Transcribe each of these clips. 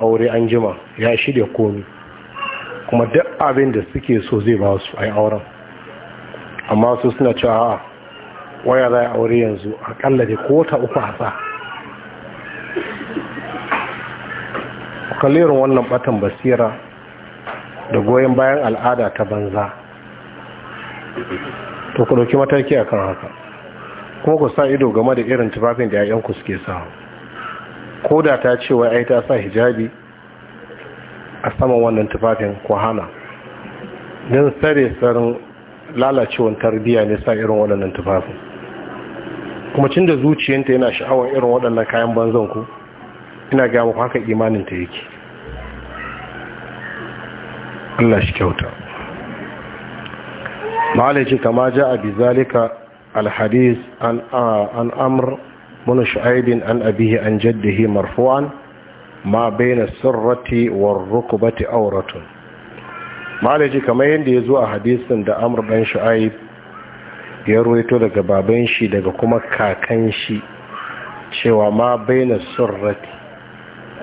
aure an jima ya shirya komi kuma duk abin da suke so zai ba su a yi auren amma su suna cewa waya za a aure yanzu akalla da kota uku a sa kallerin wannan batan basira da goyon bayan al'ada ta banza to ku ɗauki mataki akan haka kuma ku sa ido game da irin tufafin da 'ya'yanku suke samu Koda ta ce wa ai ta sa hijabi a saman wannan tufafin ko hana don tsare tsarin lalacewar tarbiyya ne sa irin waɗannan tufafin kuma cin da zuciyanta yana sha'awar irin waɗannan kayan banzan ku ina ga muku haka imaninta yake Allah shi kyauta ma'alaci kama ja a bizalika alhadis an amr بن شعيب an, أبيه عن جده مرفوعا ما بين السرة والركبة أورة malaji kamar yadda ya zo a hadisin da amur ɗan sha'aib ya ruwaito daga baban shi daga kuma kakan shi cewa ma baina surrati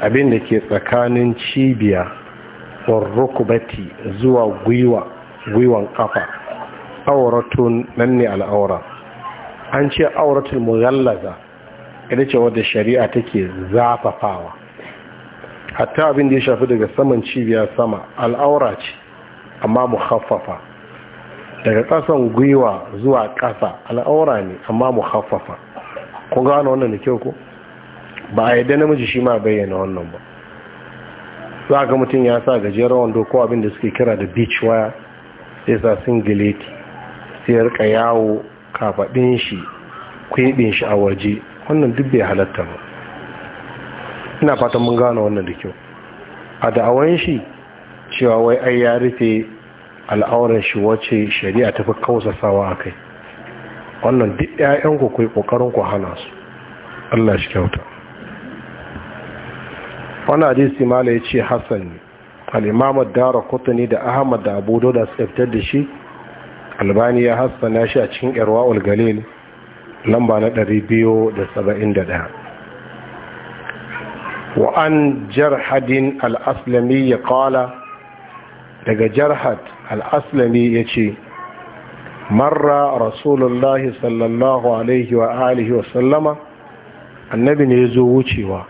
abin da ke tsakanin cibiya warrukubati zuwa gwiwa gwiwan kafa auratun nan ne al'aura an ce auratun mughallaza ita ce wadda shari'a take zafafawa hatta abin da ya shafi daga saman cibiyar sama al'aura ce amma mu haffafa, daga ƙasan gwiwa zuwa ƙasa al'aura ne amma mu haffafa, kun gano wannan da kyau ku? ba a yadda namiji shi ma bayyana wannan ba za ga mutum ya sa gajeren wando ko abin da suke kira da beach wire sai sa singileti sai yawo kafaɗin shi kwiɓin shi a waje wannan duk bai halatta ba ina fatan mun gano wannan da kyau a da'awan shi cewa wai ai ya rufe al'auran shi wace shari'a tafi kausasawa a kai wannan duk 'ya'yanku ku yi kokarin ku hana su Allah shi kyauta wani hadisi mala ya ce hassan ne al'imama dara Kotuni da ahmad da abu da suka fitar da shi albani ya hassana shi a cikin yarwa ulgalil lamba na ɗari biyu da saba'in da ɗaya. Wa'an jarhadin al'aslami ya kala daga jarhad al'aslami ya ce marra rasulullah sallallahu alaihi wa alihi wa sallama annabi ne ya zo wucewa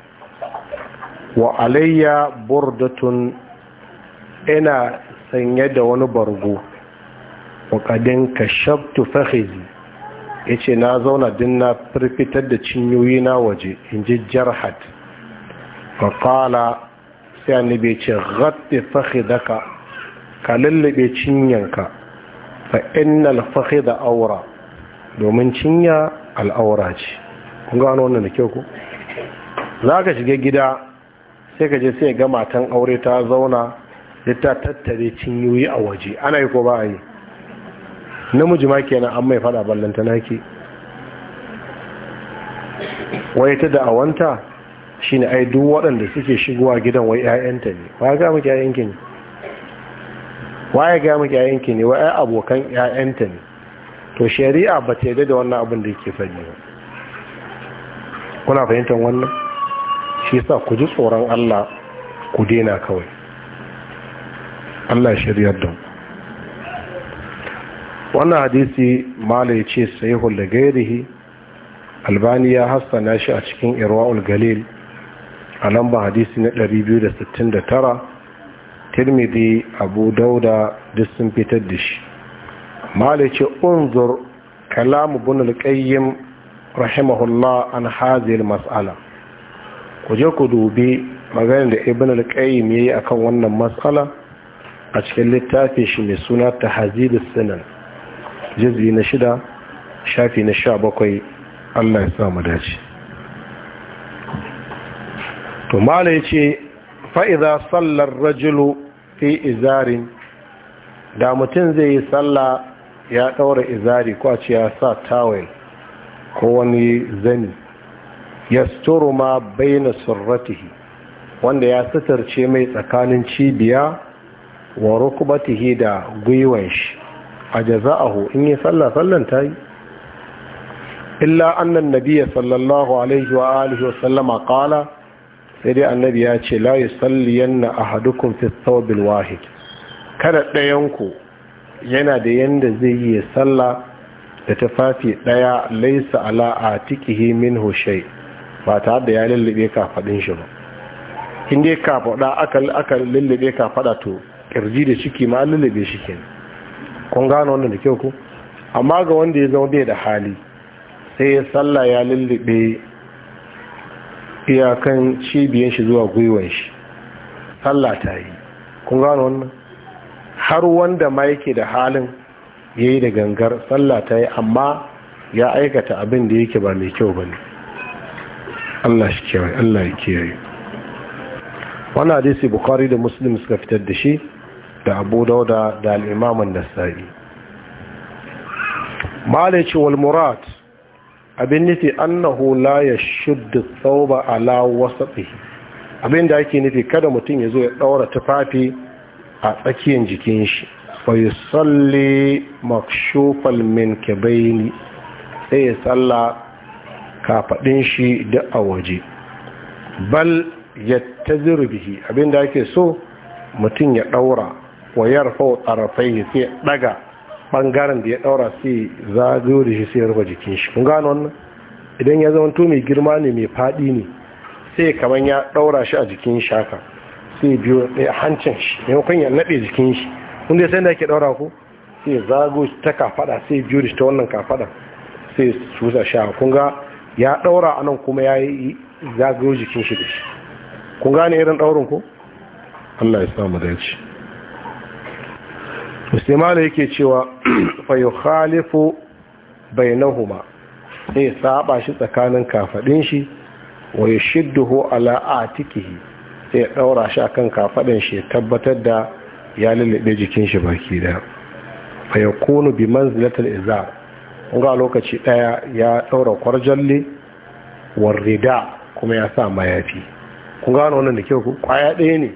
wa alayya burdatun ina sanye da wani bargo wa kadin kashabtu fakhizi ya ce na zauna din na firfitar da cinyoyi na waje in ji jarhat faƙala sai annabi ce ghaɗe daga ka lullube cinyanka fa innal fahida aura domin cinya al'aura ce kun gano wannan da kyau ku za ka shiga gida sai ka je sai ga matan aure ta zauna ya ta tattare cinyoyi a waje ana yi ko ba a yi namiji ma kenan an mai fada ballanta naki wai ta da'awanta shine ai duk waɗanda suke shigowa gidan wai 'ya'yanta ne wa ga miki 'ya'yanki ne wa ga miki 'ya'yanki ne wai abokan 'ya'yanta ne to shari'a ba ta yarda da wannan abin da yake faɗi ba kuna fahimtar wannan shi yasa ku ji tsoron Allah ku daina kawai Allah shiryar da mu wannan hadisi mala ya ce sahihul da gairihi albani ya hassana shi a cikin irwa'ul galil a lamba hadisi na 269 tirmidhi abu dauda duk sun fitar da shi mala ya ce unzur kalamu bin alƙayyim rahimahullah an hazil mas'ala ku je ku dubi maganar da ibn alƙayyim ya yi akan wannan matsala a cikin littafin shi mai suna ta hazilus sinan juz'i na shida shafi na sha bakwai allah ya samu dace to mala ya ce fa'iza sallar rajulu fi izarin da mutum zai yi sallah ya ɗaura izari ko ce ya sa tawel ko wani zani ya ma baina surratihi wanda ya sitarce mai tsakanin cibiya wa rukubatihi da gwiwan shi a jaza'ahu in yi sallah sallan ta yi illa annan nabiya sallallahu alaihi wa alihi wa sallama kala sai dai annabi ya ce la yi salliyan na a hadukun fi thawbil wahid kada ɗayanku yana da yanda zai yi sallah da tufafi ɗaya laisa ala a tikihi min hushai ba tare da ya lullube kafaɗin shi ba in dai kafaɗa aka lullube kafaɗa to ƙirji da ciki ma lullube shi kenan kun gano wannan da kyau ku amma ga wanda ya zama bai da hali sai ya sallah ya lullube iyakan cibiyar shi zuwa gwiwan shi sallah ta yi kun gano wannan har wanda ma yake da halin ya yi da gangar sallah ta yi amma ya aikata abin da yake ba mai kyau ba ne allah shi kiyaye allah ya kiyaye wani hadisi bukari da muslim suka fitar da shi da abu dauda da al'imamun nasa'i malici wal murad abin nufi annahu la ya shuddu tsauba ala wasaɗi abin da ake nufi kada mutum ya zo ya ɗaura tufafi a tsakiyar jikin shi fayusalli makshufal min kebaini sai ya tsalla kafaɗin shi da a waje bal ya ta bihi abin da ake so mutum ya ɗaura wa tsarafai ya sai daga bangaren da ya daura sai zagayo da shi sai rufe jikin shi kun gano wannan idan ya zama to mai girma ne mai fadi ne sai kamar ya daura shi a jikin shaka sai biyo ɗaya hancin shi maimakon ya nade jikin shi kun dai sai da yake daura ko sai zago ta kafada sai biyo da shi ta wannan kafada sai susa sha kun ga ya daura anan kuma ya yi zagayo jikin shi da shi kun gane irin daurin ko Allah ya samu dace musulmanu yake cewa fayo khalifu bai nahuma sai saba shi tsakanin kafadin shi wa ya shidduhu ala atikihi sai ya daura shi a kan kafadin shi tabbatar da ya lullube jikin shi baki da Fayo kunu bi manzilatul izar ga lokaci daya ya daura kwarjalle warrida kuma ya sa mayafi kun gano wannan da kyau kwaya ɗaya ne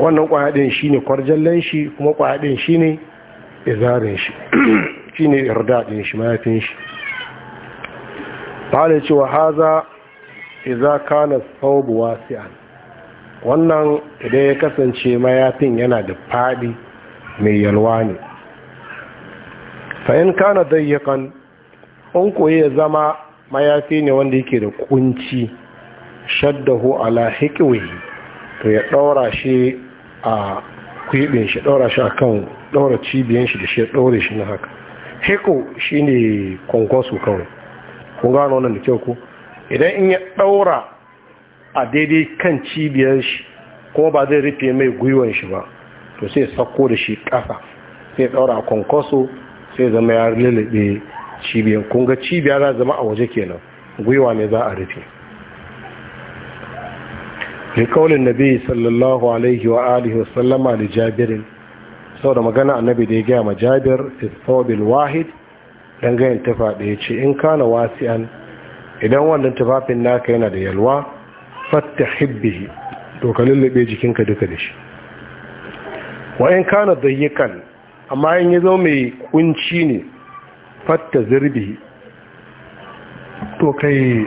wannan kwaya shi ne kwarjallen shi kuma kwaya shi ne izarin shi shi ne yarda shi mayafin shi ba cewa haza iza kana saubu wasi'an wannan idan ya kasance mayafin yana da faɗi mai yalwa ne fa'in kana dayyakan an koyi ya zama mayafi ne wanda yake da kunci shaddahu ala hikiwi to ya ɗaura shi a kwebe shi ɗaura shi akan ɗaura cibiyan shi da shi ɗaure shi na haka heko shi shine kwankwaso kawai kun gano wannan da kyau ko idan in ya ɗaura a daidai kan cibiyar shi ko ba zai rufe mai gwiwon shi ba to sai sako da shi kasa sai ɗaura a kwankwaso sai zama ya lalabe cibiyar kunga cibiya za zama a waje kenan gwiwa ne za a rufe fi kaulin nabi sallallahu alaihi wa alihi sallama da jabirin sau da magana annabi da ya gaya ma jabir fi thawbil wahid dan gayin tufa da ya ce in kana wasi'an idan wannan tufafin naka yana da yalwa fattahib bihi to ka lullube jikinka duka da shi wa in kana dayyikan amma in ya zo mai kunci ne fatta zirbi to kai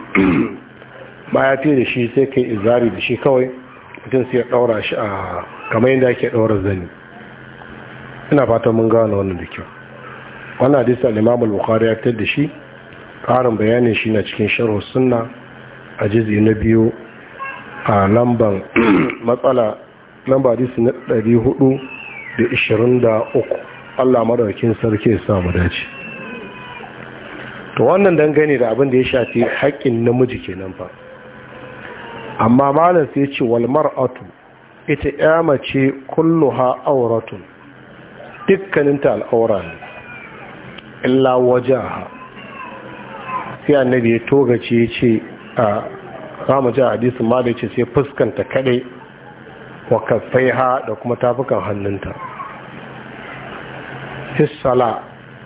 baya fiye da shi sai kai izari da shi kawai mutum sai ya ɗaura shi a kamar yadda ake ɗaura zani ina fatan mun gano wannan da kyau wannan hadisi al-imam bukhari ya fitar da shi karin bayanin shi na cikin sharh sunna a jizi na biyu a lamban matsala lamba hadisi na 423 Allah madaukakin sarki ya samu dace to wannan dangane da abin da ya shafi haƙƙin namiji kenan fa amma malam sai ce wal mar'atu ita ya mace ha auratun dukkaninta al'aura ne illa waje sai annabi ya togace ya ce a zamu ji hadisin ma da ce sai fuskanta kaɗai, wa ha da kuma tafukan hannunta fissala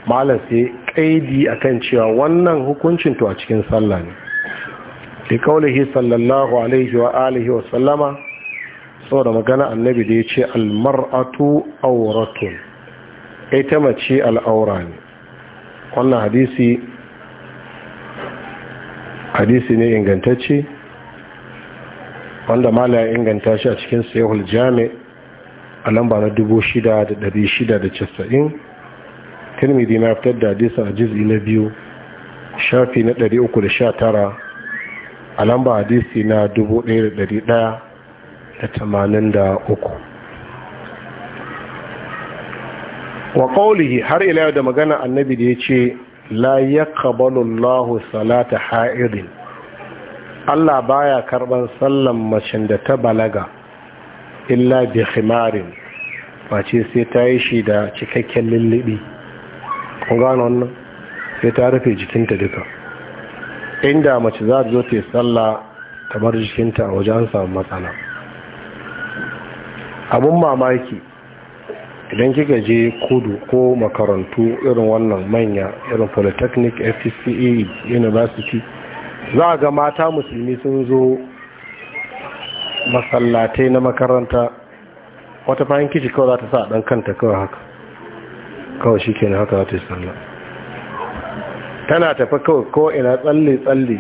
malam sai kaidi a kan cewa wannan hukuncin to a cikin sallah ne fi kaulihi sallallahu alaihi wa alihi wa sallama saboda magana annabi da ya ce almar'atu auratun ita mace al'aura ne wannan hadisi hadisi ne ingantacce wanda ma ya inganta shi a cikin sayahul jami a lamba na 6,690 tirmidhi na fitar da hadisa a jiz'i na biyu shafi na 319 a lamba hadisi na 1183 wa qawlihi har ila yau da magana annabi da ya ce, la yaqbalu Allahu salata ha'irin Allah baya karban sallan macen da ta balaga illa bi khimarin face sai ta yi shi da cikakken lullubi kun sai ta rufe jikinta duka inda mace za ta zo ta yi sallah kamar jikinta a wajen samun matsala abin mamaki idan kika je kudu ko makarantu irin wannan manya irin polytechnic fcce university za a ga mata musulmi sun zo masallatai na makaranta wata bayan kawai za ta sa ɗan kanta kawai haka kawai shi haka za ta yi sallah tana tafi kawai kawai na tsalle tsalle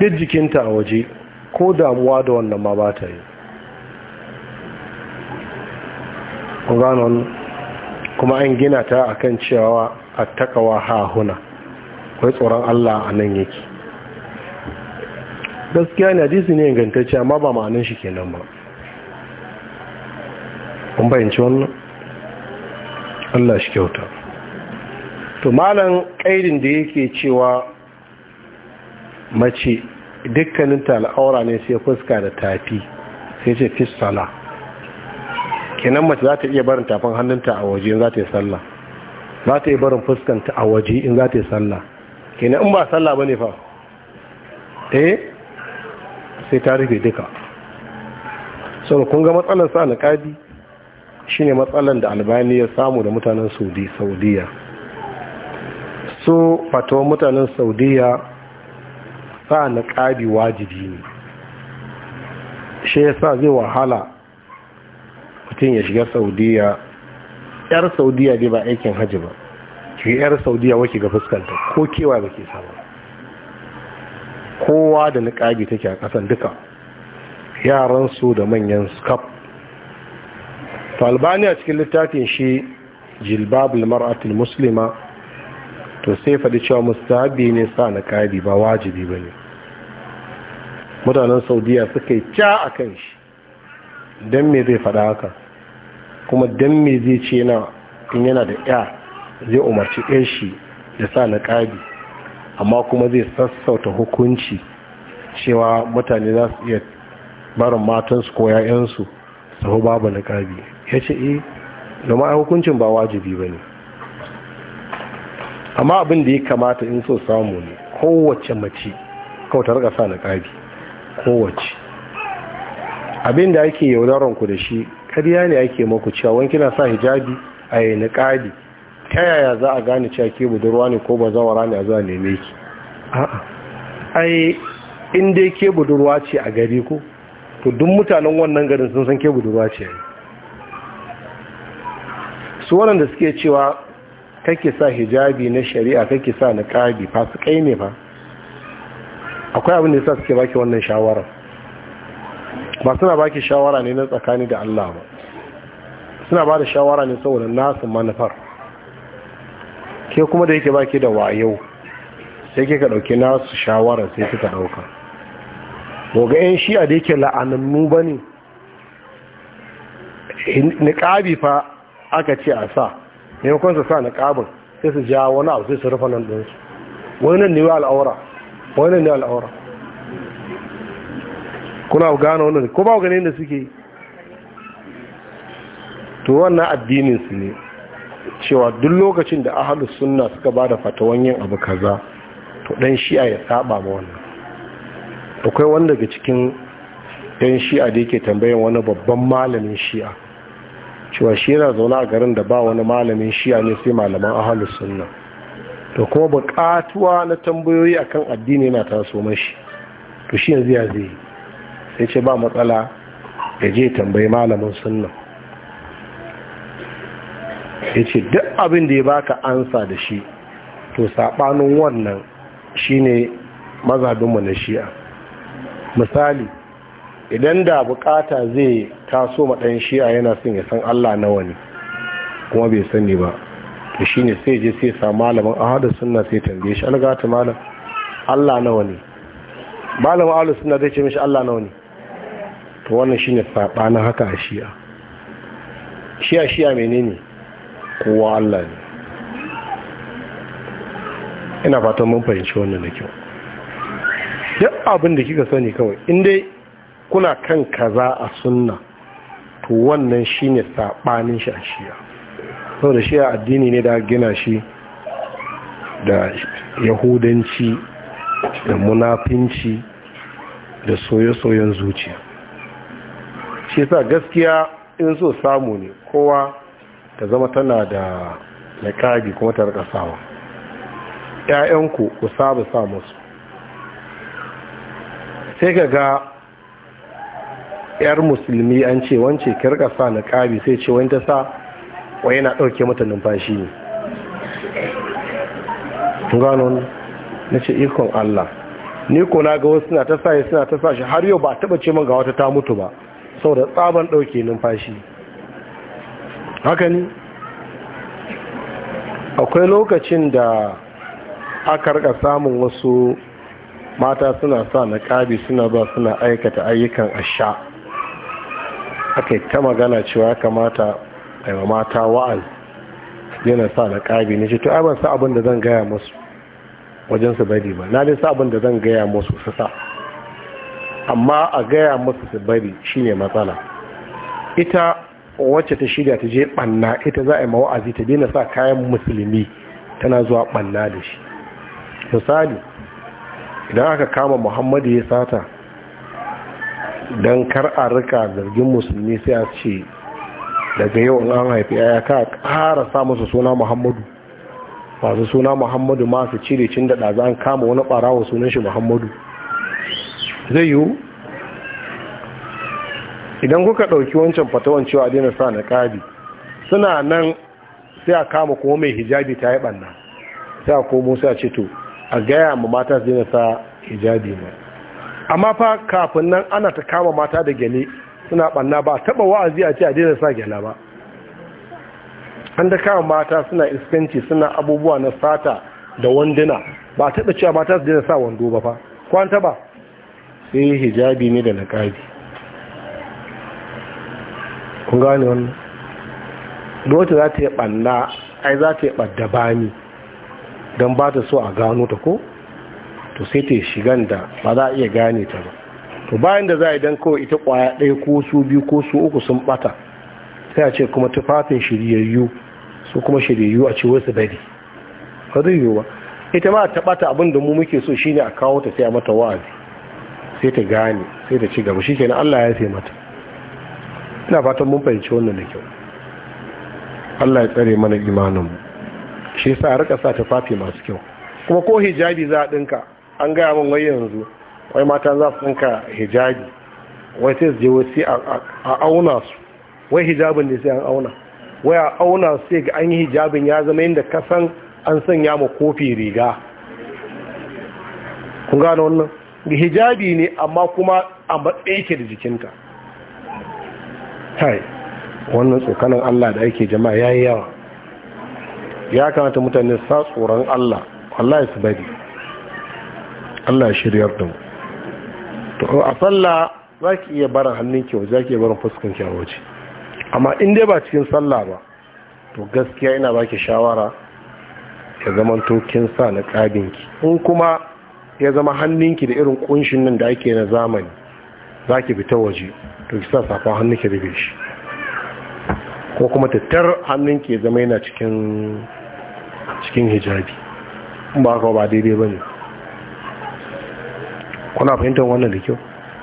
duk jikinta a waje ko damuwa da wannan ma ba ta yi kuma an gina ta akan cewa a takawa hahuna kai tsoron Allah a nan yake gaskiya na jisi ne ingantacce amma ba ma'anin shi kenan ba kun bayanci wannan Allah shi kyauta to malan ƙaidin da yake cewa mace dukkanin tal'aura ne sai fuska da tafi sai ce fissala kenan mace za ta iya barin tafin hannunta a waje in za ta yi sallah za ta iya barin fuskanta a waje in za ta yi sallah kenan in ba sallah ba ne fa eh sai ta rufe duka sau kun ga matsalar sa na ƙadi shine matsalar da albani ya samu da mutanen saudiya su fato mutanen saudiya sa na ƙabi wajibi ne shi sa zai wahala mutum ya shiga saudiya yar saudiya dai ba aikin hajji ba ki yar saudiya wake ga fuskanta ko kewa ba ke sama. kowa da niƙabi take a ƙasan duka yaransu da manyan skaf talibaniya a cikin littafin shi jilbabul mar'atul muslima to sai faɗi cewa mustahabi ne sa na ƙari ba wajibi ba ne mutanen saudiya suka yi ca a kan shi don me zai faɗa haka kuma don me zai ce yana in yana da ya zai umarci ɗan shi da sa na ƙari amma kuma zai sassauta hukunci cewa mutane za su iya barin matansu ko 'ya'yansu sahu babu na ƙari ya ce eh domin hukuncin ba wajibi ba ne amma abin da ya kamata in so samu ne kowace mace kautar rika sa na ƙabi kowace abin da ake yaudaron ku da shi ƙarya ne ake maku cewa wani kina sa hijabi a yi ta yaya za a gane cewa ke budurwa ne ko ba zawara ne a zuwa neme ki a'a ai in dai ke budurwa ce a gari ko to duk mutanen wannan garin sun san ke budurwa ce su waɗanda suke cewa kake sa hijabi na shari'a kake sa na kabi fasikai ne fa akwai abin da ya sa suke baki wannan shawara ba suna baki shawara ne na tsakani da Allah ba suna ba da shawara ne saboda nasu manufar ke kuma da yake baki da wayo sai ka ɗauki nasu shawara sai kika ɗauka boga yan shi'a da yake la'anannu bane niƙabi fa aka ce a sa maimakon su sa na kabin sai su ja wani abu sai su rufa nan ɗinsu wani ne ne al'aura wani ne al'aura kuna gano wannan ko ba ganin da suke to wannan addinin su ne cewa duk lokacin da ahalu sunna suka ba da fatawan yin abu kaza to dan shi'a ya saba ma wannan akwai wanda daga cikin yan shi'a da yake tambayar wani babban malamin shi'a cewa shi yana zaune a garin da ba wani malamin shiya ne sai malaman ahalus sunna to kuma bukatuwa na tambayoyi akan addini na taso mashi to shi yanzu ya zai sai ce ba matsala ya je tambayi malamin sunna ya ce duk abin da ya baka ansa da shi to saɓanin wannan shine mazhabinmu na shi'a misali idan da bukata zai taso maɗan shi'a yana son ya san Allah nawa ne kuma bai sani ba to shine sai je sai sa malamin ahadu suna sai tambaye shi algata malam Allah nawa ne malamin ahadu suna zai ce mishi Allah nawa ne to wannan shine na haka a shi'a shi'a shi'a menene kowa Allah ne ina fatan mun fahimci wannan da kyau duk abin da kika sani kawai in dai kuna kan kaza a sunna to wannan shine saɓanin shi a shiya saboda shi addini ne da gina shi da yahudanci da munafinci da soye-soyen zuciya shi sa gaskiya in so samu ne kowa ta zama tana da laƙabi kuma ta rika sawa ‘ya'yanku ku saba sa musu sai ka ga yar musulmi an ce wance ki rika sa niqabi sai ce wani ta sa wa yana dauke mata numfashi ne gano na ce ikon Allah ni ko na ga wasu suna ta sa suna ta sa shi har yau ba taba ce min ga wata ta mutu ba saboda tsaban dauke numfashi haka ne akwai lokacin da aka rika samun wasu mata suna sa niqabi suna ba suna aikata ayyukan asha aka yi ta magana cewa ya kamata a yi mata wa'az daina sa na ƙabi ne shi to ai ban sa abin da zan gaya musu wajen su bari ba na dai sa abin da zan gaya musu su sa amma a gaya musu su bari shine matsala ita wacce ta shirya ta je ɓanna ita za a yi mawa'azi ta daina sa kayan musulmi tana zuwa ɓanna da shi misali idan aka kama muhammadu ya sata don kar a rika zargin musulmi sai a ce daga yau an haifi yaya ka ƙara sa musu suna muhammadu masu suna muhammadu masu cire cin da ɗaza an kama wani ɓarawa sunan shi muhammadu zai yiwu idan kuka ɗauki wancan fatawan cewa a daina sa na ƙabi suna nan sai a kama kuma mai hijabi ta yi ɓanna sai a komo sai a ce to a gaya ma mata su daina sa hijabi mai amma fa kafin nan ana ta kama mata da gyale suna banna ba taba wa'azi a ce a daina sa gyala ba an da kama mata suna iskanci suna abubuwa na sata da wanduna ba taba cewa mata su daina sa wando ba fa kwanta ba sai hijabi ne da niqabi kun gane wannan dole za ta yi banna ai za ta yi ɓadda bani don ba ta so a gano ta ko to sai ta shigan da ba za a iya gane ta ba to bayan da za a idan kawai ita kwaya ɗaya ko su biyu ko su uku sun bata sai a ce kuma tufafin shiryayyu su kuma shiryayyu a ce wasu bari ba zai yiwu ba ita ma ta bata abin da mu muke so shine a kawo ta sai a mata wa'azi sai ta gane sai ta ci gaba shi shikenan Allah ya sai mata ina fatan mun fahimci wannan da kyau Allah ya tsare mana imanin mu shi yasa a rika sa tufafi masu kyau kuma ko hijabi za a dinka an gaya min wai yanzu wai mata za su tsinka hijabi wai sai su je wai sai a auna su wai hijabin ne sai an auna wai a auna su sai ga an yi hijabin ya zama yadda kasan an sanya ma kofi riga kun gano wannan hijabi ne amma kuma a matsayi ke da jikinta hai wannan tsokanin Allah da ake jama'a yayi yawa ya kamata mutane sa tsoron Allah wallahi su bari Allah shiryar da mu to a sallah za ki iya barin hannunki waje za ki iya barin fuskan a waje amma in dai ba cikin sallah ba to gaskiya ina baki shawara ya zama tokin sa na ƙaginki in kuma ya zama hannunki da irin ƙunshin nan da ake na zamani za ki fita waje to ki sa safan hannunki rufe shi ko kuma tattar hannunki ya zama yana cikin hijabi in ba haka ba daidai ba ne kuna fahimtar wannan da kyau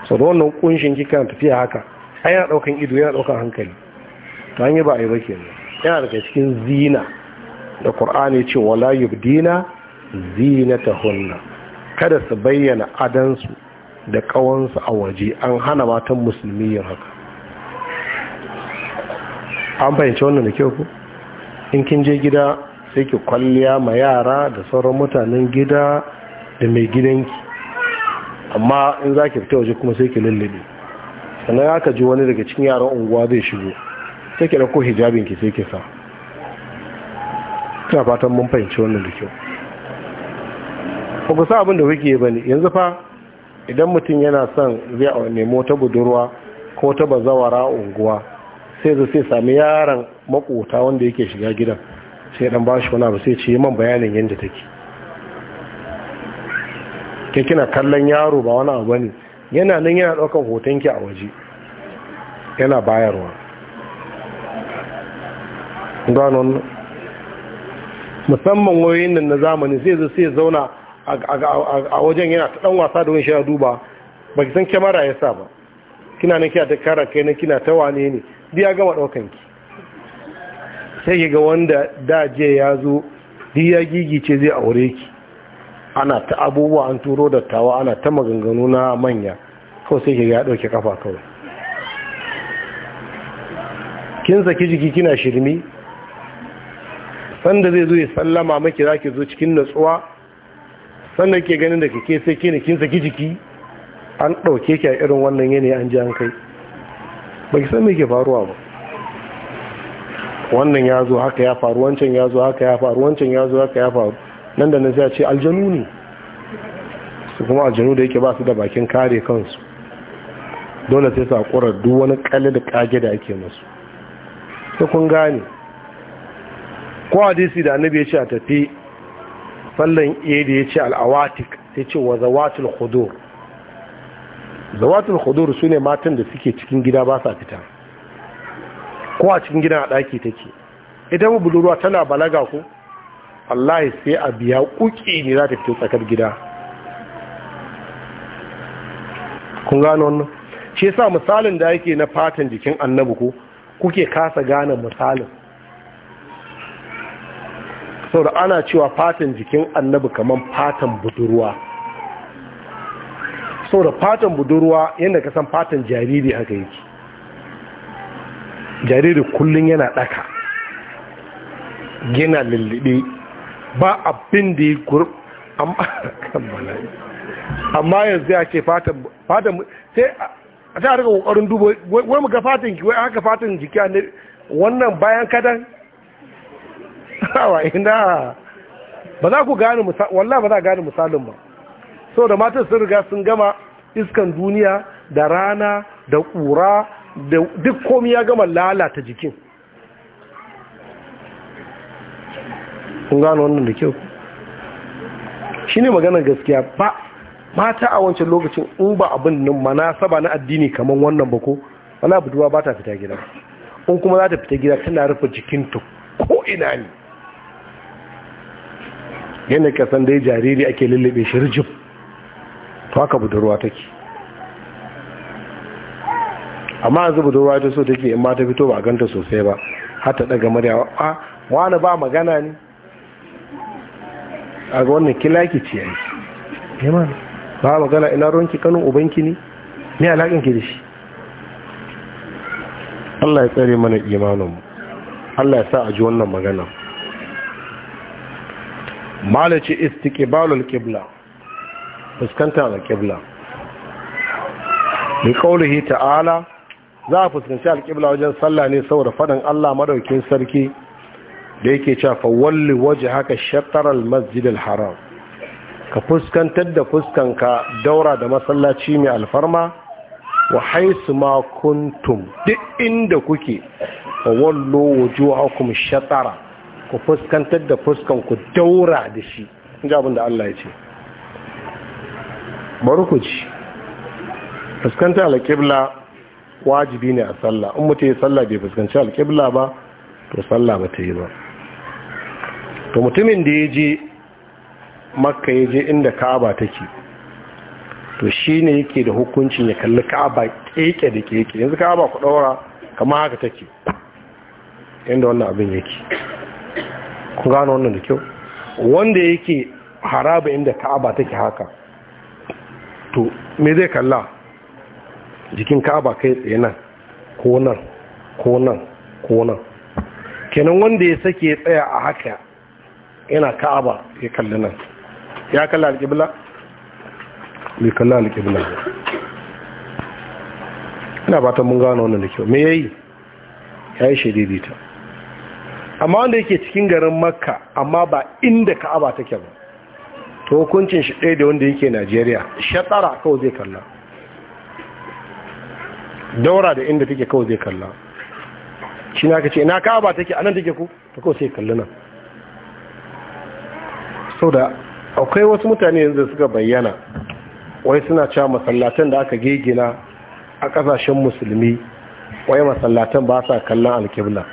sau da wannan kunshin kika tafiya haka ai yana daukan ido yana daukan hankali to an yi ba a yi ba yana daga cikin zina da qur'ani ce wala yubdina hunna kada su bayyana adansu da kawansu a waje an hana matan musulmi yin haka an fahimci wannan da kyau ku in kin je gida sai ki kwalliya ma yara da sauran mutanen gida da mai gidanki amma in za ki fita waje kuma sai ki lullube sannan haka ji wani daga cikin yaran unguwa zai shigo sai ki ɗauko hijabin ki sai ki sa ta fatan mun fahimci wannan da kyau ba ku sa abin da kuke ba ne yanzu fa idan mutum yana son zai nemo ta budurwa ko ta bazawara unguwa sai zai sai sami yaran makota wanda yake shiga gidan sai dan bashi wani abu sai ce man bayanin yadda take ke kina kallon yaro ba wani abu ne yana nan yana hoton hotonki a waje yana bayarwa ganon musamman wayoyin nan na zamani sai zai sai zauna a wajen yana ta ɗan wasa da wani sha duba ba ki san kyamara ya sa ba kina nan kina ta kara kai na kina ta wane ne biya gama ki. sai ga wanda da ya zo duk ya gigice zai aure ki ana ta abubuwa an turo dattawa ana ta maganganu na manya kawai sai ke ya ɗauke kafa kawai kin saki jiki kina shirmi sanda zai zo ya sallama maki za ki zo cikin natsuwa sanda ke ganin da kake sai ke kin saki jiki an ɗauke ki a irin wannan yanayi an ji an kai ba ki san me ke faruwa ba wannan ya zo haka ya faru wancan ya zo haka ya faru wancan ya zo haka ya faru nan da nan sai ce aljanu ne su kuma aljanu da yake ba su da bakin kare kansu dole sai su hakura duk wani da kage da ake masu sai kun gane ko hadisi da annabi ya ce a tafi sallan iya da ya ce al'awatik sai ce wa zawatul hudur zawatul hudur su ne matan da suke cikin gida ba sa fita ko a cikin gidan a ɗaki take ita budurwa tana balaga ko wallahi sai a biya kuki ne za ta fito tsakar gida kun gano wannan shi yasa misalin da yake na fatan jikin annabi ko kuke kasa gane misalin saboda ana cewa fatan jikin annabi kamar fatan budurwa saboda fatan budurwa yadda ka san fatan jariri haka yake jariri kullum yana daka gina lullube ba abin da ya kur amma yanzu ya ce fatan sai a ta daga kokarin dubo wai mu ga fatan ki wai haka fatan jiki a wannan bayan kadan hawa ina ba za ku gane wallah ba za gane misalin ba so da matan sun riga sun gama iskan duniya da rana da kura da duk komi ya gama lalata jikin kun gano wannan da kyau shi ne maganar gaskiya ba mata a wancan lokacin in ba abin nan saba na addini kamar wannan ba ko wala buduwa ba ta fita gida in kuma za ta fita gida tana rufe jikinta ko ina ne yana kasan dai jariri ake lullube shi rijib to haka budurwa take amma yanzu budurwa ta so take in ma ta fito ba ganta sosai ba har ta daga maryawa wani ba magana ne a ga wannan kilaki ce yayi ma ba magana ina ruwanki kanin ubanki ne ne alaƙin ki da shi Allah ya tsare mana imaninmu Allah ya sa a ji wannan magana malaci istiqbalul qibla fuskanta ga qibla bi qawlihi ta'ala za a fuskanci alqibla wajen sallah ne saboda faɗin Allah madaukin sarki da yake cewa fa walli wajhaka haka al-masjid al-haram ka fuskantar da fuskanka daura da masallaci mai alfarma wa haisu ma duk inda kuke fa wallo wujuhakum Shattara, ku fuskantar da fuskanku daura da shi in ji abin da Allah ya ce bari ku ci fuskanta alƙibla wajibi ne a sallah in mutum ya sallah bai fuskanci alkibla ba to sallah ba ta yi ba to mutumin da ya je makka ya je inda ka'aba take to shi ne yake da hukuncin ya kalli ka'aba keke da keke yanzu ka'aba ku ɗaura kama haka take inda wannan abin yake ku gano wannan da kyau wanda yake haraba inda ka'aba take haka to me zai kalla jikin ka'aba kai tsaye nan ko nan ko nan ko nan kenan wanda ya sake tsaya a haka yana ka'aba ya kalli nan ya kalli alƙibla ya kalli alƙibla ina ba ta mun gano wannan da kyau me yayi ya yi shaidaidita amma wanda yake cikin garin makka amma ba inda ka'aba take ba to hukuncin shi ɗaya da wanda yake najeriya shatara kawai zai kalla daura da inda take kawai zai kalla shi na ka ce ina ka'aba take anan take ku ta kawai sai kalli nan da akwai wasu mutane yanzu suka bayyana wai suna cewa masallatan da aka gegina a kasashen musulmi wai masallatan ba sa kallon alkibla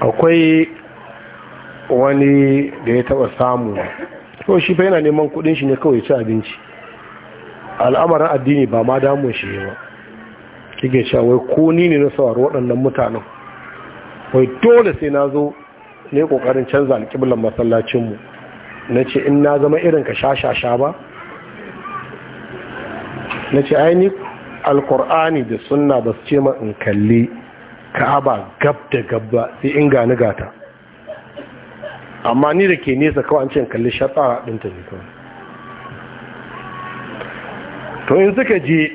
akwai wani da ya taba samu to shi fa yana neman kudin shi ne kawai ci abinci al'amarin addini ba ma damun shi ba kike cewa wai ko ni ne na sauraro waɗannan mutanen wai dole sai na zo ne kokarin canza alƙiblan masallacinmu na ce in na zama irin ka sha-sha-sha ba na ce aini alkur'ani da sunna ba su ce ma in kalli ka'aba gab da gab ba sai in gani gata amma ni da ke nesa kawai an ce in kalli shatsa ɗinta ne kawai to in suka je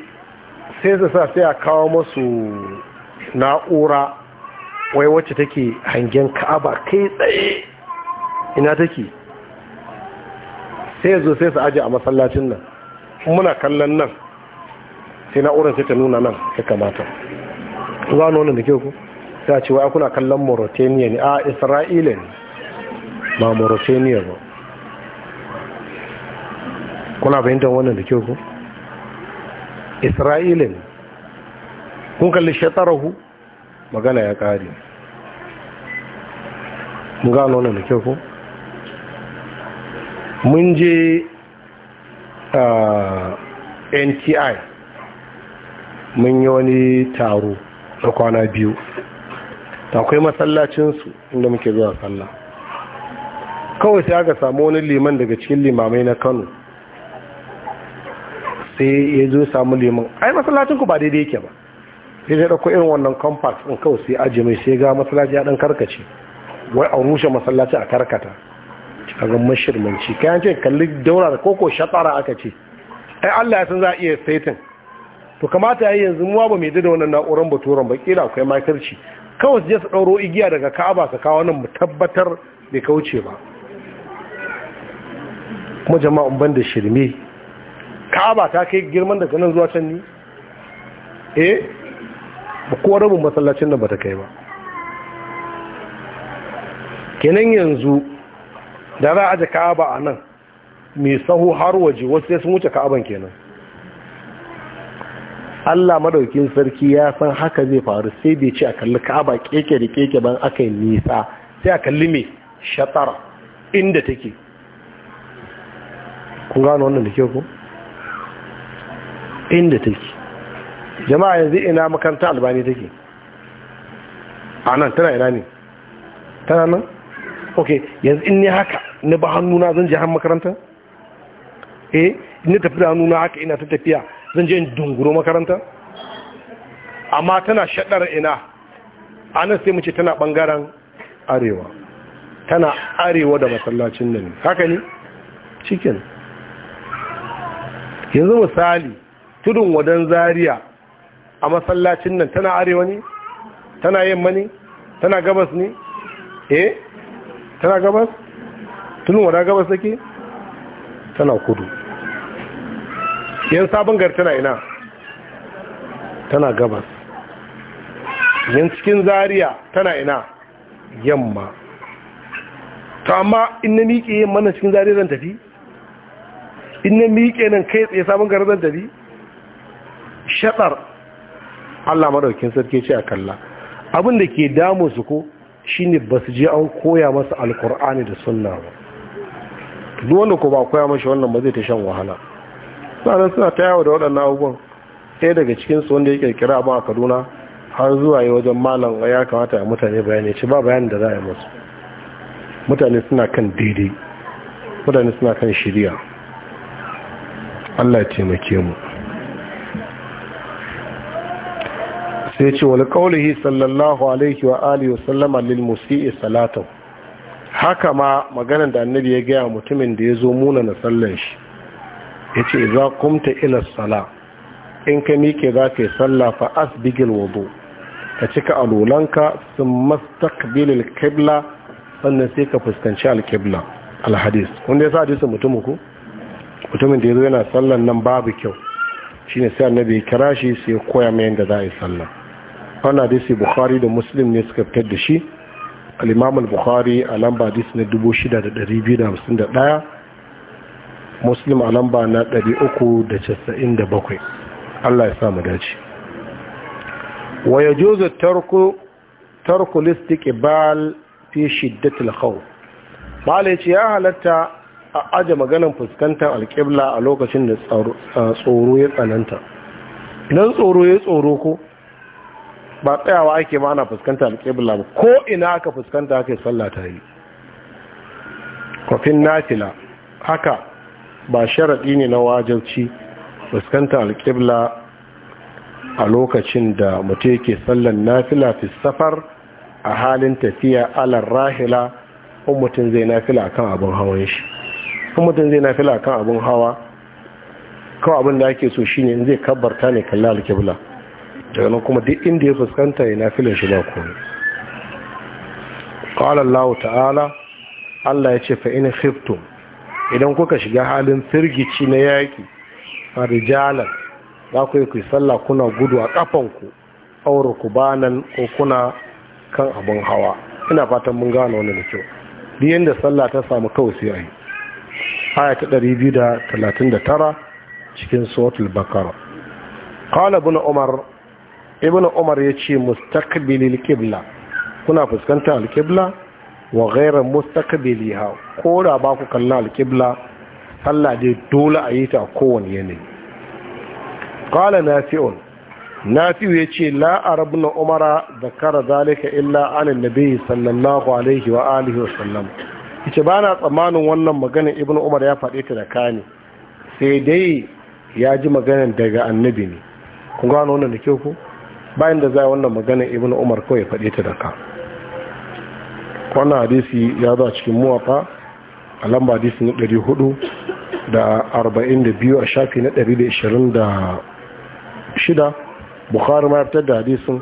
sai su sa sai a kawo masu na'ura wai wacce take hangen ka'aba kai tsaye ina take sai zo sai su aje a masallacin nan muna kallon nan sai na'urin sai ta nuna nan ta kamata gano nuna da ke ku ta ce wai kuna kallon Mauritania ne a ah, Isra'ila ne ba Mauritania ba kuna fahimtar wannan da ke ku Isra'ila ne kun kalli shatarahu magana ya kare mun gano wannan da kyau ko mun je nti mun yi wani taro na kwana biyu akwai masallacinsu inda muke zuwa sallah kawai sai aka samu wani liman daga cikin limamai na kano sai ya zo samu liman ai masallacinku ba daidai yake ba sai zai ɗauko irin wannan compact in kawai sai aji mai sai ga masallaci a ɗan karkace wai a rushe masallaci a karkata a ga mashirmanci kayan ce kalli daura da koko shatara aka ce ai allah ya san za a iya saitin to kamata ya yi yanzu muwa ba mai da wannan na'urar baturan ba kila akwai makirci kawai su je su ɗauro igiya daga ka'aba su kawo nan mu tabbatar bai kauce ba kuma jama'un ban da shirme ka'aba ta kai girman daga nan zuwa can ni eh ko rabin masallacin da bata kai ba kenan yanzu da za a aje ka'aba a nan mai sahu har waje wasu sai sun wuce ka'aban kenan Allah madaukin sarki ya san haka zai faru sai bai ce a kalli ka'aba keke da keke ban aka yi nisa sai a kalli mai shatar inda take kun gano wannan da ke ku inda take jama'a yanzu ina makaranta albani take a nan tana ina ne tana nan ok yanzu in ne haka ni ba hannuna zan je hannun makaranta eh in tafi da hannuna haka ina ta tafiya zan je in dunguro makaranta amma tana shaɗar ina a nan sai mu ce tana ɓangaren arewa tana arewa da masallacin nan haka ne cikin yanzu misali tudun wadan Zariya. a masallacin nan tana arewa ne tana yamma ne tana gabas ne eh tana gabas tunin wada gabas take tana kudu yan sabon gar tana ina tana gabas yan cikin zaria tana ina yamma ta amma in na miƙe yamma na cikin zaria zan tafi in na miƙe nan kai tsaye sabon gar zan tafi shaɗar Allah madaukin sarki ce a kalla abin da ke damu su ko shine ba su je an koya masa alkur'ani da sunna ba duk wanda ko ba koya mashi wannan ba zai ta shan wahala sanan suna ta yawo da waɗannan abubuwan ɗaya daga cikinsu wanda ya kirkira ba a Kaduna har zuwa yi wajen malam ya kamata a mutane bayani ci ba bayanin da za a yi masu mutane suna kan daidai mutane suna kan shirya Allah ya taimake mu sai ce wani qaulihi sallallahu alaihi wa alihi wasallama lil musii salatau haka ma maganar da annabi ya gaya mutumin da ya zo muna na sallan shi ya ce za kumta ila sala in ka miƙe za ka yi salla fa bigil wudu ka cika alulanka sun mastaqbilil qibla sannan sai ka fuskanci alkibla alhadis wanda ya sa hadisin mutum ku mutumin da ya zo yana sallan nan babu kyau shine sai annabi ya kira shi sai ya koya mai yadda za a yi sallah wannan hadisi bukhari da muslim ne suka fitar da shi al-imam al-bukhari a lamba hadisi na 6251 muslim a lamba na 397 Allah ya samu dace wa yajuzu tarku tarku ibal fi shiddatil khawf malai ce ya halatta a aje maganan fuskantar alƙibla a lokacin da tsoro ya tsananta idan tsoro ya tsoro ko ba tsayawa ake ma ana fuskanta alƙibla ba ko ina aka fuskanta aka yi sallah ta yi kwafin nafila haka ba sharaɗi ne na wajarci fuskanta alƙibla a lokacin da mutum yake tsallan nafila fi safar a halin tafiya alar rahila in mutum zai nafila kan abin hawan shi in mutum zai nafila kan abin hawa kawai abin da ake so shine in zai kabbarta ne kalla alƙibla daga nan kuma duk inda ya fuskanta ya nafilin shi ba kome qala lawo ta'ala Allah ya ce fa ina idan kuka shiga halin firgici na yaki rijalar za ku yi ku sallah kuna gudu a kafanku aure ku banan ko kuna kan abin hawa ina fatan mun gano wani da kyau duk yanda sallah ta samu kawai sai ayi haya ta 239 cikin suratul Bakara. qala ibn umar ibn umar ya ce mustaqbilil Kibla, kuna fuskantar alkibla wa ghairu mustaqbiliha ko da ba ku kalla alkibla sallah dai dole a yi ta kowane yanayi qala nasi'un nafi'u ya ce la arabna umara zakara zalika illa ala nabi sallallahu alaihi wa alihi wa sallam ce ba na tsammanin wannan maganar ibn umar ya faɗe ta da kani sai dai ya ji maganar daga annabi ne kun gano wannan da kyau ko bayan da za wannan magana ibn umar kawai faɗe ta da ka wannan hadisi ya zo a cikin muwafa a lamba hadisi na 400 da 42 a shafi na 126 bukhari ma fitar da hadisin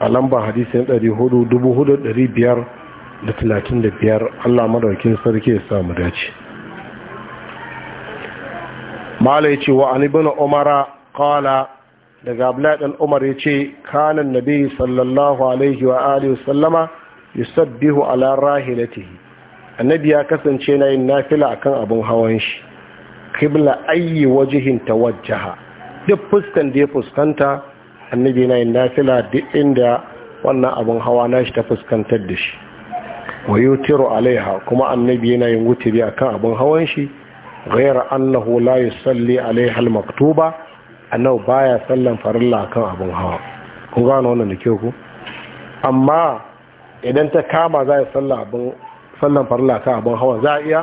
a lamba hadisi na 400 4535 allah madaukin sarki ya samu dace ma'ala ya ce wa an umara kawala. daga abdullahi dan umar ya ce kanan nabi sallallahu alaihi wa alihi sallama yusabbihu ala rahilatihi annabi ya kasance na yin nafila akan abin hawan shi qibla ayyi wajhin tawajjaha duk fuskan da ya fuskanta annabi na yin nafila duk inda wannan abin hawa na shi ta fuskantar da shi wa yutiru alaiha kuma annabi yana yin wutiri akan abin hawan shi ghayra annahu la yusalli alaiha al-maktuba annabi baya sallan farilla kan abin hawa kun gano wannan da ke ku amma idan ta kama za a yi sallan farilla kan abin hawa za a iya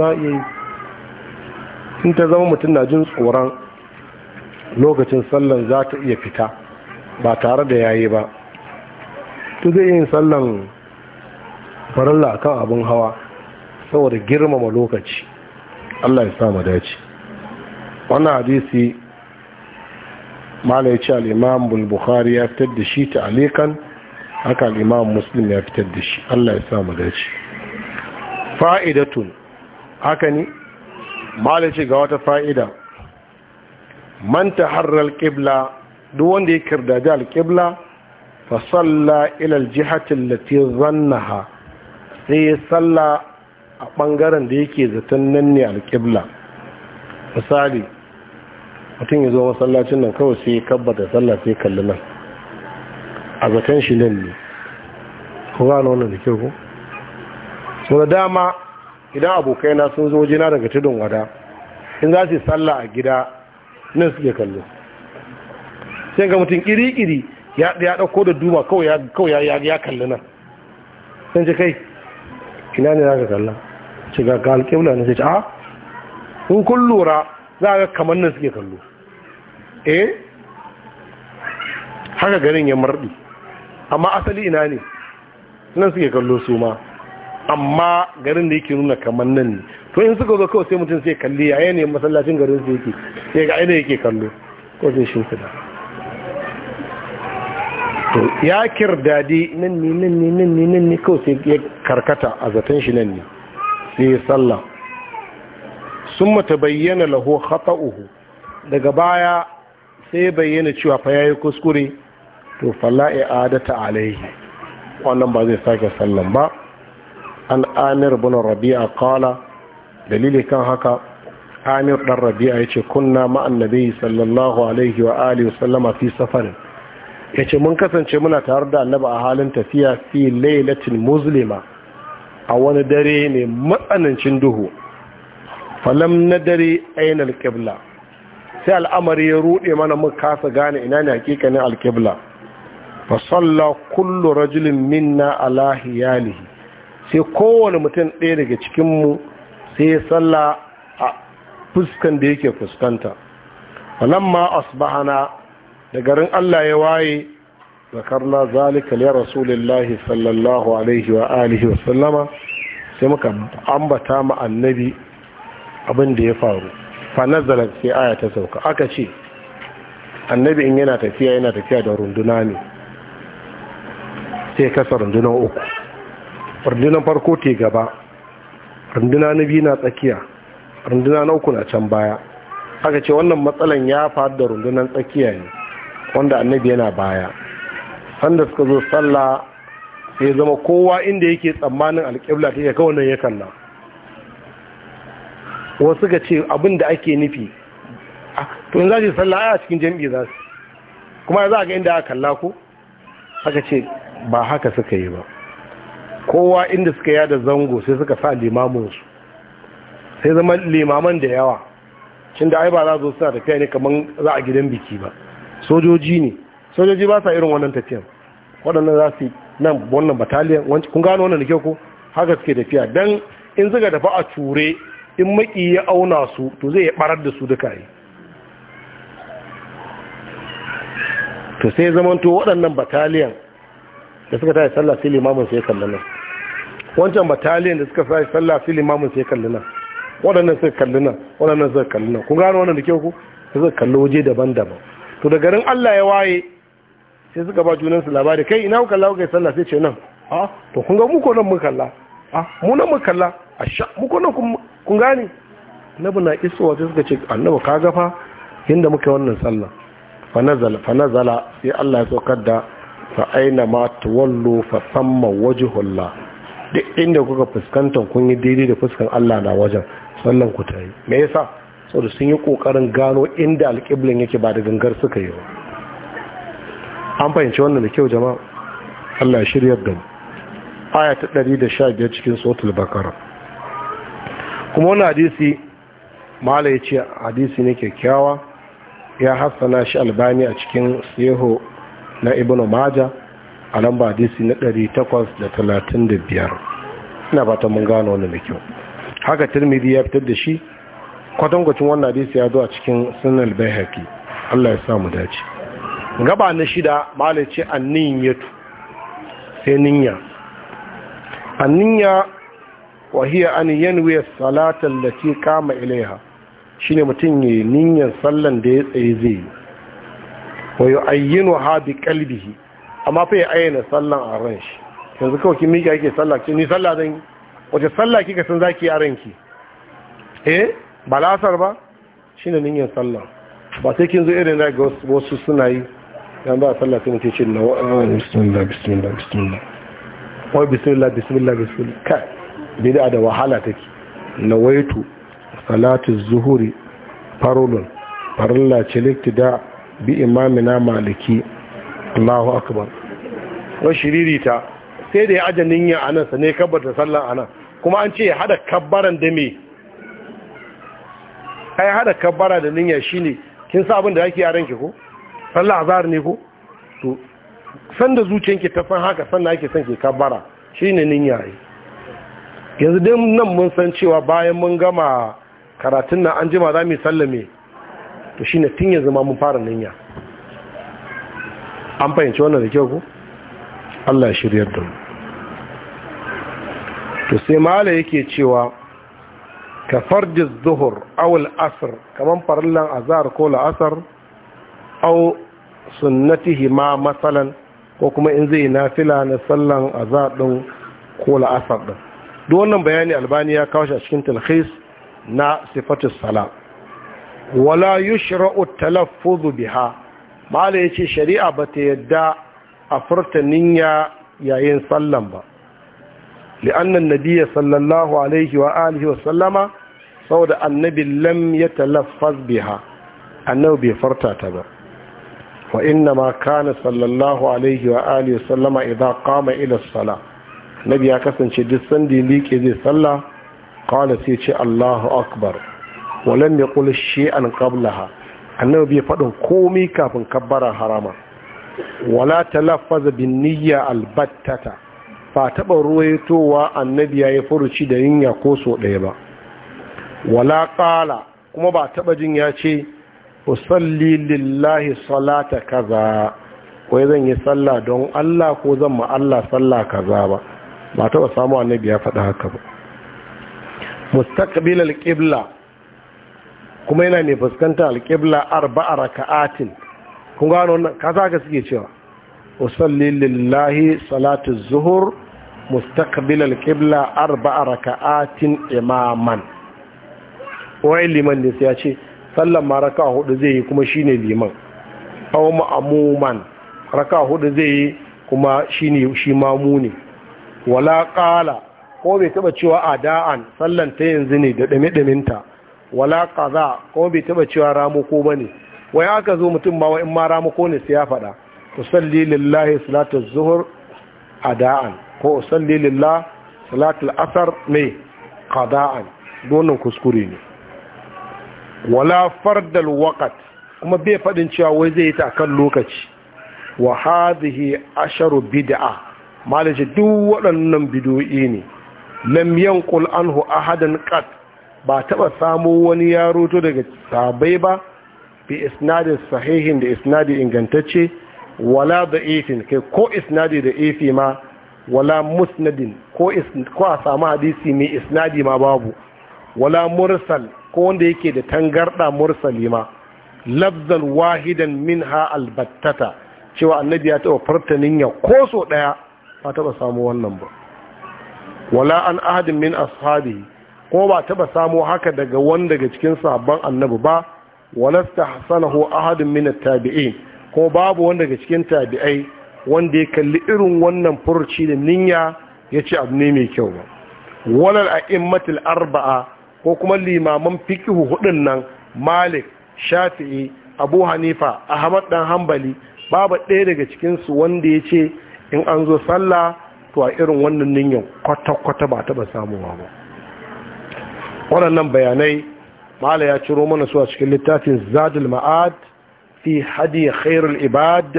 za a iya yi in ta zama mutum na jin tsoron lokacin sallan za ta iya fita ba tare da yayi ba ta zai yin sallan farilla kan abin hawa saboda girmama lokaci Allah ya sa mu dace wannan hadisi mala ya ce al'imam bulbukhari ya fitar da shi ta alikan haka al'imam muslim ya fitar da shi allah ya samu dace fa'idatun haka ne mala ce ga wata fa'ida manta harar kibla duk wanda ya kirdaji alƙibla salla ilal jihatin lati zannaha sai ya salla a ɓangaren da yake zaton nan ne alƙibla misali mutum ya zo masallacin nan kawai sai ya da sallah sai kalli nan a zaton shi nan ne ku gano wannan da kyau ko so da dama idan abokai na sun zo jina daga tudun wada in za su sallah a gida nan suke kallo sai ga mutum kiri-kiri ya ɗauko da duma kawai ya kalli nan sun ce kai ina ne za ka kalla shiga ga alƙibla na ce a kun kun lura za ga kamar nan suke kallo eh haka garin ya marɗi amma asali ina ne nan suke kallo su ma amma garin da yake nuna kamar nan ne to in suka zo kawai sai mutum sai kalli yaya ne masallacin garin su yake ya ga aina yake kallo ko zai shi su da to ya kir nan nan ne nan ne nan ne kawai sai ya karkata a zaton shi nan ne sai ya sallah sun mata bayyana laho uhu daga baya sai bayyana cewa fa yayi kuskure to falla i'adata alaihi wannan ba zai sake sallan ba an amir bin rabi'a kala dalili kan haka amir dan rabi'a ce kunna ma sallallahu alaihi wa alihi sallama fi safarin ce mun kasance muna tare da annabi a halin tafiya fi lailatin muslima a wani dare ne matsanancin duhu falam na dare ainihin alƙibla sai al'amari ya rude mana mun kasa gane ina ne hakikanin alƙibla fa salla kullu rajulin minna ala hiyalihi sai kowane mutum ɗaya daga cikinmu sai ya salla a fuskan da yake fuskanta ma asbahana da garin Allah ya waye zakarna zalika li rasulillahi sallallahu alaihi wa alihi wa sai muka ambata ma annabi abin da ya faru fa sai aya ta sauka aka ce annabi in yana tafiya yana tafiya da runduna ne sai kasa runduna uku rundunan farko te gaba runduna na biyu na tsakiya runduna na uku na can baya aka ce wannan matsalan ya faru da rundunan tsakiya ne wanda annabi yana baya sanda suka zo sallah sai zama kowa inda yake tsammanin alƙibla ta yi kawai nan ya kalla wasu ga ce abin da ake nufi ah, to in za su a cikin jam'i za su kuma za ga inda aka kalla ko aka ce ba haka suka yi ba kowa inda suka yada zango sai suka sa limaminsu sai zama limaman da yawa cin da ai ba za su suna tafiya ne kamar za a gidan biki ba sojoji ne sojoji ba sa irin wannan tafiyan waɗannan za su nan wannan bataliyan kun gano wannan da kyau ko haka suke tafiya don in suka tafi a ture in maki ya auna su to zai barar da su duka yi to sai zamanto waɗannan bataliyan da suka tashi sallah fili mamun sai kalli nan wancan bataliyan da suka tashi sallah fili mamun sai kalli nan waɗannan suka kalli nan waɗannan suka kalli nan kun gano wannan da kyau ku sai suka kalli waje daban-daban to da garin Allah ya waye sai suka ba junan su labari kai ina ku kalla kai sallah sai ce nan a ah. to kun ga mu ko nan mu kalla a ah. mu nan mu kalla a sha mu ko nan kun kun gane annabi na iso sai suka ce annabi ka gafa Inda muke wannan sallah fanazala sai Allah ya saukar da fa aina ma tuwallu fa thamma wajhullah duk inda kuka fuskanta kun yi daidai da fuskan Allah na wajen sallan ku tayi me yasa saboda sun yi kokarin gano inda alƙiblan yake ba da gangar suka yi an fahimci wannan da kyau jama'a Allah ya shirya da mu aya ta 115 cikin suratul baqara kuma wani hadisi mala ya ce hadisi ne kyakkyawa ya hassana shi albani a cikin siho na ibn maja a lamba hadisi na 835 ina fata mun gano wani da kyau haka tirmidhi ya fitar da shi kwatankwacin wannan hadisi ya zo a cikin sunan bayhaqi Allah ya samu dace gaba na shida mala ya ce sai ninya anniya wa hiya an yanwi salatan salata allati qama ilaiha shine mutum ya niyyar sallan da ya tsaye zai wa yu'ayyinuha bi qalbihi amma fa ya ayyana sallan a ran shi yanzu kawai kin miƙa yake sallah ki ni sallah zan yi wace sallah kika san zaki a ranki eh balasar ba shine niyyar sallah ba sai kin zo irin na ga wasu suna yi dan ba sallah sai mutum ce na ah, bismillah bismillah bismillah wai bismillah bismillah bismillah kai bid'a da wahala take nawaitu salatu zuhuri farulun farilla ce liktida bi imamina maliki Allahu akbar wa shiririta sai da ya aje niyyar anan sa ne kabbata sallan anan kuma an ce ya hada kabbaran da me ya hada kabbara da shi shine kin sa abin da ake yaran ki ko sallah azhar ne ko to san da zuciyanki ta san haka na ake son ke kabbara shine ninyar yi yanzu dai nan mun san cewa bayan mun gama karatun nan an jima za mu sallame to shi ne tun yanzu ma mun fara ninya an fahimci wannan da kyau ku allah shiryar da to sai mala yake cewa ka farji zuhur awul asr kamar farallan azar ko la'asar au sunnatihi ma matsalan ko kuma in zai nafila na sallan azhar ko la'asar din duk wannan bayani albani ya kawo shi a cikin talhis na sifatus sala wala yushra'u talaffuzu biha mala yace shari'a bata yadda a furta niyya yayin sallan ba li'anna an-nabiyya sallallahu alaihi wa alihi wa sallama saboda annabi lam yatalaffaz biha annabi bai furta ta ba wa inna ma kana sallallahu alaihi wa alihi wa sallama idza qama ila as-salah nabi ya kasance duk sanda ya liƙe zai sallah qala sai ce Allahu akbar wa lam yaqul shay'an qablaha annabi ya faɗin komai kafin kabbara harama wala lafaza bin niyya albattata ba taɓa ruwaitowa annabi ya yi furuci da yinya ko so ɗaya ba wala ƙala kuma ba taɓa jin ya ce usalli lillahi salata kaza Wai zan yi sallah don Allah ko zan ma Allah sallah kaza ba ba taɓa samu annabi ya faɗa haka ba mustaqbilal qibla kuma yana mai fuskanta alqibla arba'a raka'atin kun gano wannan ka zaka suke cewa usalli lillahi salatu zuhur mustaqbilal qibla arba'a raka'atin imaman wai liman ne sai ya ce sallan ma raka hudu zai yi kuma shine liman aw ma'muman raka hudu zai yi kuma shine shi mamu ne wala ƙala ko bai taɓa cewa ada'an da'an sallan ta yanzu ne da ɗame-ɗaminta wala ƙaza ko bai taɓa cewa ramako ba ne wai aka zo mutum ba wa in ma ramako ne su ya faɗa salli lillahi salatu zuhur ada'an, da'an ko salli lillah salatu asar mai ƙada'an donin kuskure ne wala fardal waƙat kuma bai faɗin cewa wai zai yi ta kan lokaci wa hadhihi asharu bid'a Malaje duk waɗannan bidoyi ne lam yanqul anhu ahadan qat ba taba samu wani yaro to daga sabai ba bi isnad sahihin da isnadi ingantacce wala da'ifin kai ko isnadi da ifi ma wala musnadin ko ko a samu hadisi mai isnadi ma babu wala mursal ko wanda yake da tangarda mursali ma lafzan wahidan minha albattata cewa annabi ya taba fartanin ya koso ɗaya ba taba samu wannan ba wala an ahadin min ashabi ko ba taba samu haka daga wanda daga cikin sabon annabi ba wala tahsanahu ahadin min at-tabi'in ko babu wanda daga cikin tabi'ai wanda ya kalli irin wannan furci da niyya ya ce abu ne mai kyau ba walal a'immatul arba'a ko kuma limaman fikihu hudun nan malik shafi'i abu hanifa ahmad dan hanbali babu ɗaya daga cikinsu wanda ya ce in an zo sallah to a irin wannan ninyan kwata-kwata ba taɓa samuwa ba waɗannan bayanai mala ya ciro mana su a cikin littafin zadul ma'ad fi hadi khairul ibad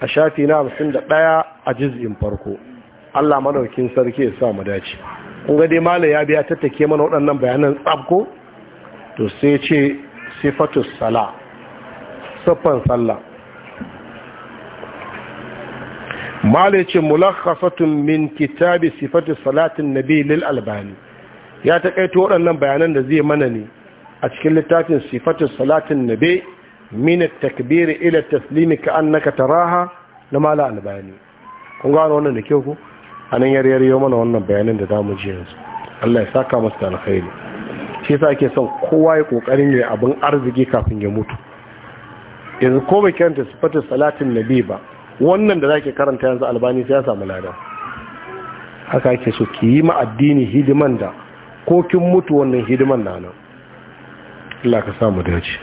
a shafi na hamsin da ɗaya a jizgin farko allah manaukin sarki ya sa mu dace kun ga dai mala ya biya tattake mana waɗannan bayanan tsabko to sai ce sifatus sala siffan sallah malai ce mulakhafatun min kitabi sifati salatin nabi lil albani ya takaito waɗannan bayanan da zai mana ne a cikin littafin sifatu salatin nabi min at-takbir ila taslimi ka annaka taraha na malai albani kun gano wannan da kyau ko anan yar yau mana wannan bayanan da zamu ji yanzu Allah ya saka masa alkhairi shi yasa ake son kowa ya kokarin yayi abin arziki kafin ya mutu yanzu ko bai kiranta sifatin salatin nabi ba wannan da zaki karanta yanzu albani sai ya samu lada haka ake so ki yi ma addini hidiman da ko kin mutu wannan hidiman na nan Allah ka samu dace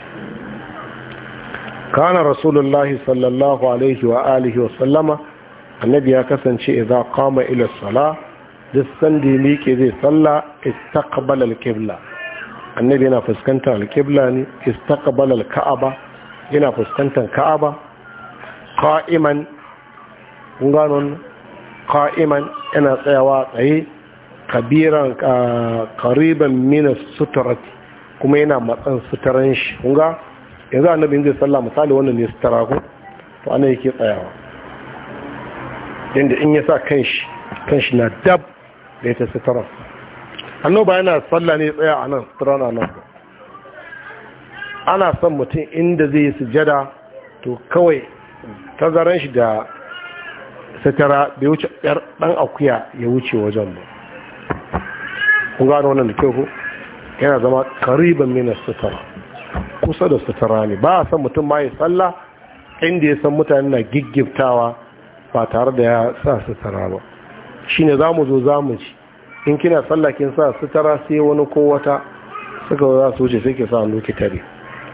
kana rasulullahi sallallahu alaihi wa alihi wa sallama annabi ya kasance idza qama ila sala duk sandi ne ke zai salla istaqbal al-qibla annabi yana fuskantar al-qibla ne istaqbal al-ka'aba yana fuskantar ka'aba qa'iman kun gano qa'iman yana tsayawa tsaye kabiran qariban min suturat kuma yana matsan suturan shi kun ga yanzu annabi zai sallah misali wannan ne sutura ko to ana yake tsayawa yanda in yasa sa kanshi kanshi na dab da ya ita sutura annoba yana sallah ne tsaya a nan sutura na nan ana son mutum inda zai yi sujada to kawai tazaran shi da satara bai wuce ɗan akuya ya wuce wajen ba kun gano wannan da kyau ko yana zama kariban mina satara kusa da satara ne ba a san mutum ma ya tsalla inda ya san mutane na giggiftawa ba tare da ya sa satara ba shine za mu zo za mu ci in kina tsalla kin sa satara sai wani ko wata suka za su wuce sai ke sa hannu ki tare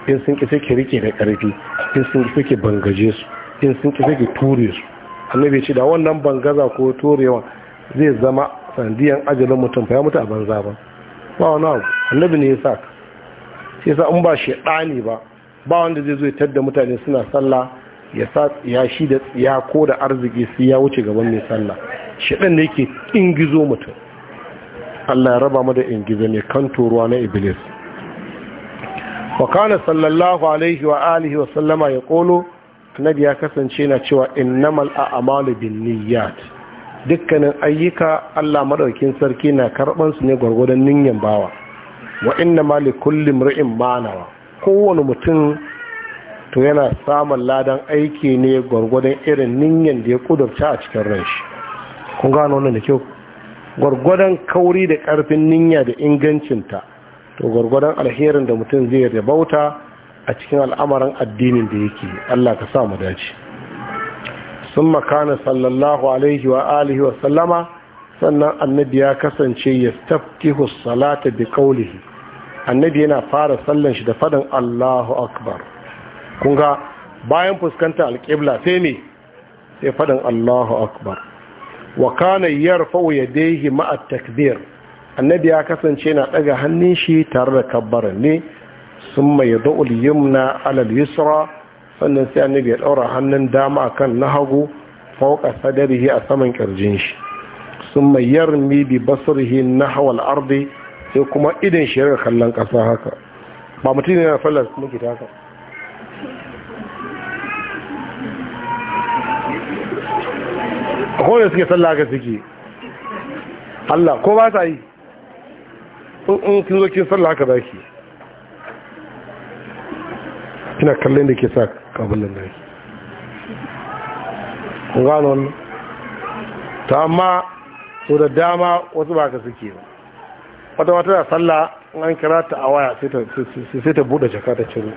in sun ki sai ki rike da ƙarfi in sun ki sai ki bangaje su in sun ƙi sai ture su annabi ce da wannan bangaza ko turewa zai zama sandiyan ajalin mutum fa ya mutu a banza ba ba wani abu annabi ne ya sa ka sai sa in ba shaɗani ba ba wanda zai zo ya tadda mutane suna sallah ya sa ya shi da tsiya ko da arziki sai ya wuce gaban mai sallah shaɗan da yake ingizo mutum Allah ya raba mu da ingizo ne kan turuwa na iblis wa kana sallallahu alaihi wa alihi wa sallama ya kolo annabi ya kasance na cewa innamal a'malu binniyat dukkanin ayyuka Allah Maɗaukin sarki na karban su ne gwargwadon niyyar bawa wa inna ma li ma'anawa kowane mutum to yana samun ladan aiki ne gwargwadon irin ninyan da ya kudurta a cikin ranshi kun gano wannan da kyau gwargwadon kauri da karfin niyya da ingancinta to gwargwadon alherin da mutum zai rabauta a cikin al'amarin addinin da yake Allah ka sa mu dace sun makana sallallahu alaihi wa alihi wa sallama sannan annabi ya kasance ya staftihu salata bi kaulihi annabi yana fara sallan shi da fadin Allahu akbar Kunga bayan fuskanta alƙibla sai ne sai fadin Allahu akbar wa kana yarfa'u yadayhi ma'a takbir annabi ya kasance na daga hannun shi tare da kabbaran ne sun mai da'ul yumna alal yusra sannan sai annabi ya daura hannun dama akan na hagu fauka sadarihi a saman kirjin shi sun mai yarmi bi basirhi na hawal ardi sai kuma idan shi yarka kallon ƙasa haka ba mutum ne na fallar kuma ki taka akwai suke sallah ga suke Allah ko ba ta yi in kin zo kin sallah haka zaki ina kallon da ke sa kabulin da ku gano ta amma so da dama wasu ba ka suke ba wata wata da sallah an kira ta a waya sai ta bude jaka ta ciro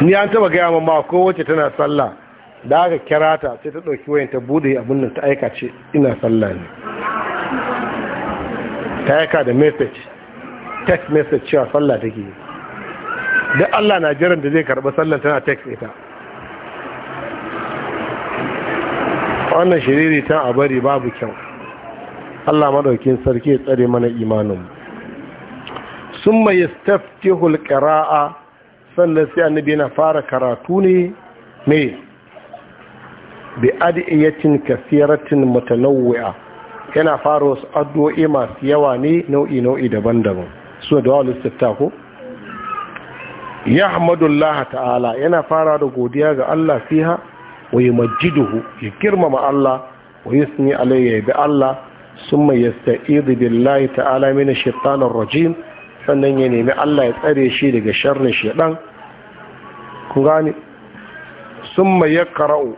ni an taba gaya mamma ko wace tana sallah da aka kira ta sai ta ɗauki wayan ta bude abin ta aika ce ina sallah ne ta yaka da message text message cewa sallah take yi duk allah na jiran da zai karɓi sallah tana text ita wannan shiriri ta a bari babu kyau allah madaukin sarki ya tsare mana imanin sun mai staftihul hulƙara'a sannan sai annabi na fara karatu ne mai bi adiyacin kasiratin mutanawwi'a yana fara wasu addu'o'i masu yawa ne nau'i nau'i daban-daban su da wani sifta ko ya ta'ala yana fara da godiya ga Allah fiha wa yi majiduhu ya girmama Allah wa yi suni alayya bi Allah sun mai yasta'idu billahi ta'ala mini shaitanar rajim sannan ya nemi Allah ya tsare shi daga sharrin shaidan kun gane sun mai ya kara'u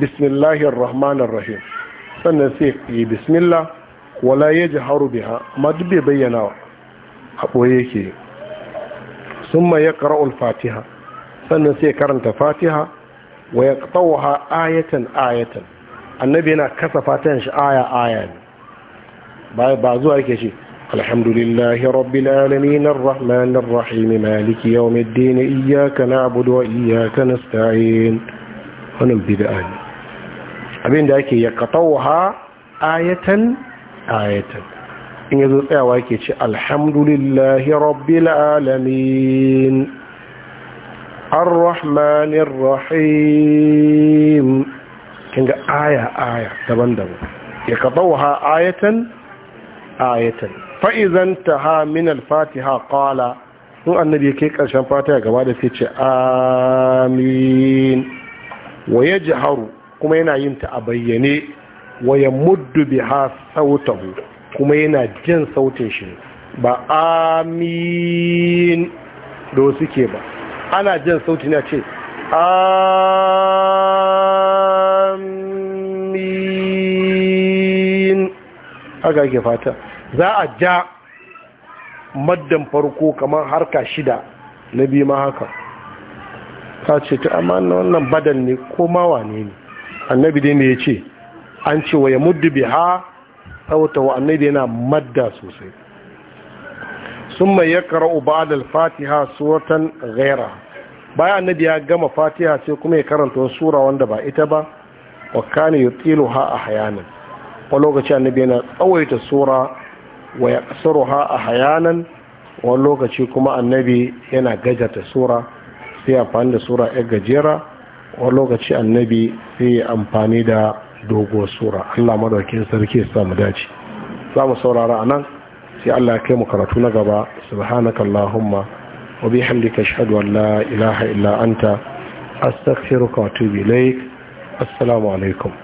bismillahir rahmanir rahim sannan sai yi bismillah wala ya ji haru biha amma duk bai bayyana a ɓoye ke sun ma ya ƙara'ul fatiha sannan sai karanta fatiha wa ya tsawaha ayatan ayatan annabi yana kasa fatihan shi aya aya ne ba zuwa yake shi الحمد لله رب العالمين الرحمن الرحيم مالك يوم الدين إياك نعبد وإياك نستعين ونبدأ abin da ake yaqtawha ayatan ayatan in yazo tsayawa yake ce alhamdulillahi rabbil alamin arrahmanir rahim kinga aya aya daban-daban yaqtawha ayatan ayatan fa idan ha min alfatiha fatiha qala in annabi yake ƙarshen fatiha gaba da sai ce amin wa kuma yana yin ta a bayyane waya ya muddu biha sautahu kuma yana jin sautin shi ba amin da suke ba ana jin sautin ya ce amin haka ake fata za a ja maddan farko kamar harka shida na biyu ma haka ta ce ta amma wannan badan ne ko mawa ne ne annabi dai ya ce an ce wa ya bi biha sauta wa annabi yana madda sosai sun summa yaqra'u uba al-fatiha suratan ghera bayan annabi ya gama fatiha sai kuma ya karanta sura wanda ba ita ba wa kane ya ha a hayanan wa lokaci annabi yana tsawaita sura wa ya haya nan wa lokaci kuma annabi yana gajata sura sai amfani da sura ya gajera wani lokaci annabi sai yi amfani da dogo sura allah madaukin sarki ya samu dace za mu saurara a nan sai allah kai mu karatu na gaba subhanaka allahumma wa bihamdika ashhadu an la ilaha illa anta astaghfiruka wa atubu ilaik assalamu alaikum